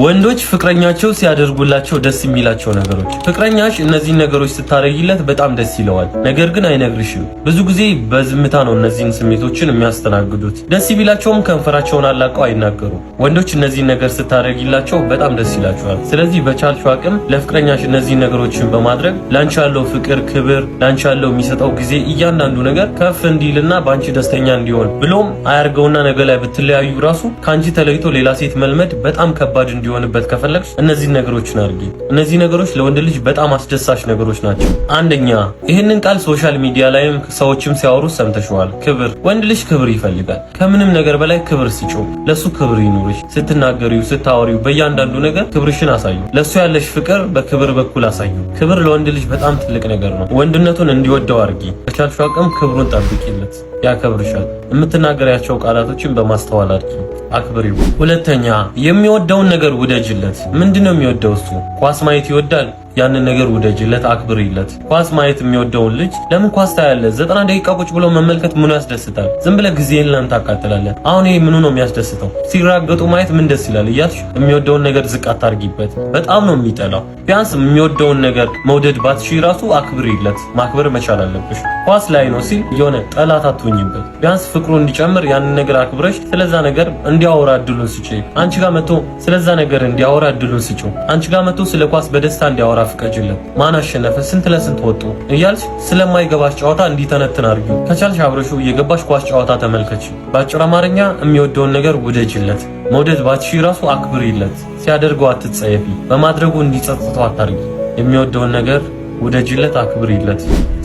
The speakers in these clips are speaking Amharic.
ወንዶች ፍቅረኛቸው ሲያደርጉላቸው ደስ የሚላቸው ነገሮች። ፍቅረኛሽ እነዚህን ነገሮች ስታደርጊለት በጣም ደስ ይለዋል፣ ነገር ግን አይነግርሽም። ብዙ ጊዜ በዝምታ ነው እነዚህን ስሜቶችን የሚያስተናግዱት። ደስ ቢላቸውም ከንፈራቸውን አላቀው አይናገሩም። ወንዶች እነዚህን ነገር ስታደርጊላቸው በጣም ደስ ይላቸዋል። ስለዚህ በቻልሽው አቅም ለፍቅረኛሽ እነዚህን ነገሮችን በማድረግ ላንቺ ያለው ፍቅር፣ ክብር፣ ላንቺ ያለው የሚሰጠው ጊዜ፣ እያንዳንዱ ነገር ከፍ እንዲልና በአንቺ ደስተኛ እንዲሆን ብሎም አያርገውና ነገ ላይ ብትለያዩ ራሱ ከአንቺ ተለይቶ ሌላ ሴት መልመድ በጣም ከባድ እንዲሆንበት ከፈለግሽ እነዚህ ነገሮችን አድርጊ። እነዚህ ነገሮች ለወንድ ልጅ በጣም አስደሳች ነገሮች ናቸው። አንደኛ፣ ይህንን ቃል ሶሻል ሚዲያ ላይም ሰዎችም ሲያወሩ ሰምተሽዋል። ክብር፣ ወንድ ልጅ ክብር ይፈልጋል። ከምንም ነገር በላይ ክብር ሲጮ ለሱ ክብር ይኑርሽ። ስትናገሪው፣ ስታወሪው፣ በእያንዳንዱ ነገር ክብርሽን አሳዩ። ለሱ ያለሽ ፍቅር በክብር በኩል አሳዩ። ክብር ለወንድ ልጅ በጣም ትልቅ ነገር ነው። ወንድነቱን እንዲወደው አድርጊ። በቻልሽው አቅም ክብሩን ጠብቂለት። ያከብርሻል። የምትናገሪያቸው ቃላቶችን በማስተዋል አድርጊ፣ አክብሪው። ሁለተኛ የሚወደውን ነገር ውደጅለት። ምንድነው የሚወደው? እሱ ኳስ ማየት ይወዳል ያንን ነገር ውደጅለት፣ አክብሪለት። ኳስ ማየት የሚወደውን ልጅ ለምን ኳስ ታያለ? ዘጠና ደቂቃ ቁጭ ብሎ መመልከት ምኑ ያስደስታል? ዝም ብለህ ጊዜህን ለምን ታቃጥላለህ? አሁን ይሄ ምኑ ነው የሚያስደስተው? ሲራገጡ ማየት ምን ደስ ይላል? እያልሽ የሚወደውን ነገር ዝቅ አታርጊበት። በጣም ነው የሚጠላው። ቢያንስ የሚወደውን ነገር መውደድ ባትሽ ራሱ አክብሪለት። ማክበር መቻል አለብሽ። ኳስ ላይ ነው ሲል የሆነ ጠላት አትሆኝበት። ቢያንስ ፍቅሩ እንዲጨምር ያንን ነገር አክብረሽ ስለዛ ነገር እንዲያወራ እድሉን ስጪ። አንቺ ጋር መጥቶ ስለዛ ነገር እንዲያወራ እድሉን ስጪ። አንቺ ጋር መጥቶ ስለ ኳስ በደስታ እንዲያወራ ጣራ ፍቀጅልን፣ ማን አሸነፈ፣ ስንት ለስንት ወጡ እያልሽ ስለማይገባሽ ጨዋታ እንዲተነትን አድርጊ። ከቻልሽ አብረሹ የገባሽ ኳስ ጨዋታ ተመልከች። በአጭር አማርኛ የሚወደውን ነገር ውደጅለት። መውደድ ባትሺ ራሱ አክብሪለት። ሲያደርገው አትጸየፊ። በማድረጉ እንዲጸጽተው አታርጊ። የሚወደውን ነገር ውደጅለት፣ አክብሪለት።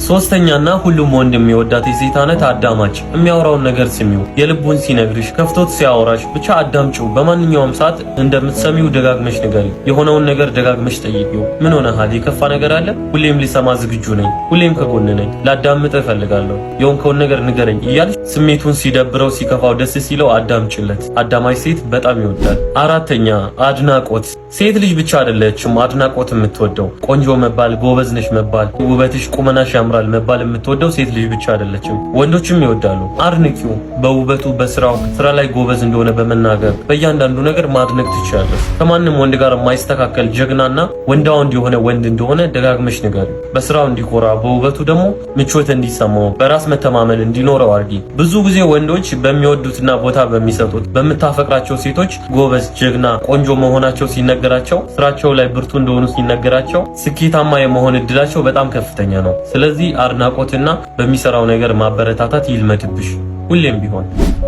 ሶስተኛና ሁሉም ወንድ የሚወዳት የሴት አይነት አዳማጭ፣ የሚያወራውን ነገር ስሚው፣ የልቡን ሲነግርሽ፣ ከፍቶት ሲያወራሽ ብቻ አዳምጪው። በማንኛውም ሰዓት እንደምትሰሚው ደጋግመሽ ንገሪ። የሆነውን ነገር ደጋግመሽ ጠይቂው። ምን ሆነሃል? የከፋ ነገር አለ? ሁሌም ሊሰማ ዝግጁ ነኝ፣ ሁሌም ከጎን ነኝ፣ ላዳምጥ እፈልጋለሁ፣ የሆንከውን ነገር ንገረኝ እያልሽ ስሜቱን ሲደብረው፣ ሲከፋው፣ ደስ ሲለው አዳምጭለት። አዳማጭ ሴት በጣም ይወዳል። አራተኛ አድናቆት። ሴት ልጅ ብቻ አይደለችም አድናቆት የምትወደው ቆንጆ መባል፣ ጎበዝ ነሽ ትመስያለሽ መባል፣ ውበትሽ፣ ቁመናሽ ያምራል መባል የምትወደው ሴት ልጅ ብቻ አይደለችም፣ ወንዶችም ይወዳሉ። አድንቂው በውበቱ፣ በስራው፣ ስራ ላይ ጎበዝ እንደሆነ በመናገር በእያንዳንዱ ነገር ማድነቅ ትችላለሽ። ከማንም ወንድ ጋር የማይስተካከል ጀግናና ወንዳው ወንድ ወንድ እንደሆነ ደጋግመሽ ንገሪ። በስራው እንዲኮራ፣ በውበቱ ደግሞ ምቾት እንዲሰማው፣ በራስ መተማመን እንዲኖረው አድርጊ። ብዙ ጊዜ ወንዶች በሚወዱትና ቦታ በሚሰጡት በምታፈቅራቸው ሴቶች ጎበዝ፣ ጀግና፣ ቆንጆ መሆናቸው ሲነገራቸው ስራቸው ላይ ብርቱ እንደሆኑ ሲነገራቸው ስኬታማ የመሆን እድል እድላቸው በጣም ከፍተኛ ነው። ስለዚህ አድናቆትና በሚሰራው ነገር ማበረታታት ይልመድብሽ። ሁሌም ቢሆን።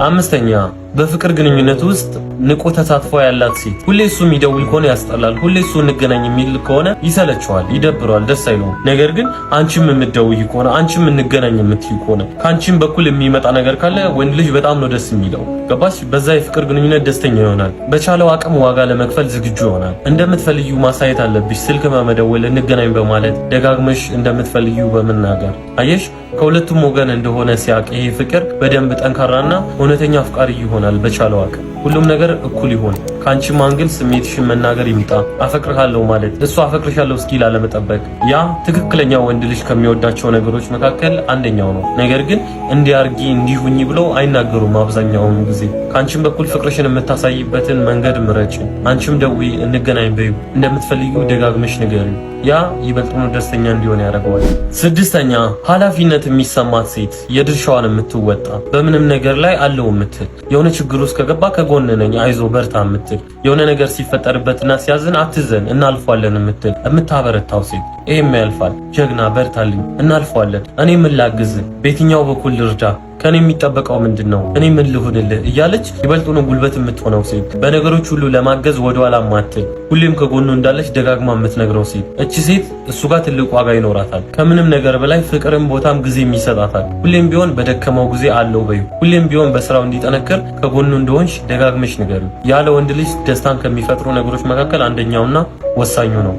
አምስተኛ በፍቅር ግንኙነት ውስጥ ንቁ ተሳትፎ ያላት ሴት ሁሌ እሱ የሚደውል ከሆነ ያስጠላል፣ ሁሌ እሱ እንገናኝ የሚል ከሆነ ይሰለቸዋል፣ ይደብረዋል፣ ደስ አይለውም። ነገር ግን አንቺም የምትደውይ ከሆነ አንቺም እንገናኝ የምትይ ከሆነ ከአንቺም በኩል የሚመጣ ነገር ካለ ወንድ ልጅ በጣም ነው ደስ የሚለው። ገባሽ? በዛ የፍቅር ግንኙነት ደስተኛ ይሆናል። በቻለው አቅም ዋጋ ለመክፈል ዝግጁ ይሆናል። እንደምትፈልዩ ማሳየት አለብሽ። ስልክ በመደወል እንገናኝ በማለት ደጋግመሽ እንደምትፈልዩ በመናገር አየሽ፣ ከሁለቱም ወገን እንደሆነ ሲያቅ ይሄ ፍቅር በደንብ በደንብ ጠንካራና እውነተኛ አፍቃሪ ይሆናል። በቻለው አቅም ሁሉም ነገር እኩል ይሆን። ከአንቺም ማንግል ስሜትሽን መናገር ይምጣ። አፈቅርሃለሁ ማለት እሱ አፈቅርሻለሁ እስኪል አለመጠበቅ። ያ ትክክለኛ ወንድ ልጅ ከሚወዳቸው ነገሮች መካከል አንደኛው ነው። ነገር ግን እንዲያርጊ እንዲሁኝ ብለው አይናገሩም። አብዛኛውን ጊዜ ከአንቺም በኩል ፍቅርሽን የምታሳይበትን መንገድ ምረጭ። አንቺም ደዊ እንገናኝ በዩ እንደምትፈልጊው ደጋግመሽ ንገሪ። ያ ይበልጥኑ ደስተኛ እንዲሆን ያደርገዋል። ስድስተኛ ኃላፊነት የሚሰማት ሴት የድርሻዋን የምትወጣ በምንም ነገር ላይ አለው የምትል የሆነ ችግር ውስጥ ከገባ ከጎን ነኝ፣ አይዞ በርታ የምትል የሆነ ነገር ሲፈጠርበትና ሲያዝን አትዘን፣ እናልፏለን የምትል የምታበረታው ሴት። ይህም ያልፋል፣ ጀግና፣ በርታልኝ፣ እናልፏለን፣ እኔ ምን ላግዝ፣ በየትኛው በኩል ልርዳ ከኔ የሚጠበቀው ምንድን ነው? እኔ ምን ልሁንልህ እያለች ይበልጡ ነው ጉልበት የምትሆነው ሴት፣ በነገሮች ሁሉ ለማገዝ ወደኋላ ማትል፣ ሁሌም ከጎኑ እንዳለች ደጋግማ የምትነግረው ሴት። እቺ ሴት እሱ ጋር ትልቅ ዋጋ ይኖራታል። ከምንም ነገር በላይ ፍቅርም ቦታም ጊዜም ይሰጣታል። ሁሌም ቢሆን በደከመው ጊዜ አለው በዩ፣ ሁሌም ቢሆን በስራው እንዲጠነክር ከጎኑ እንደሆንሽ ደጋግመሽ ንገሪ። ያለ ወንድ ልጅ ደስታን ከሚፈጥሩ ነገሮች መካከል አንደኛውና ወሳኙ ነው።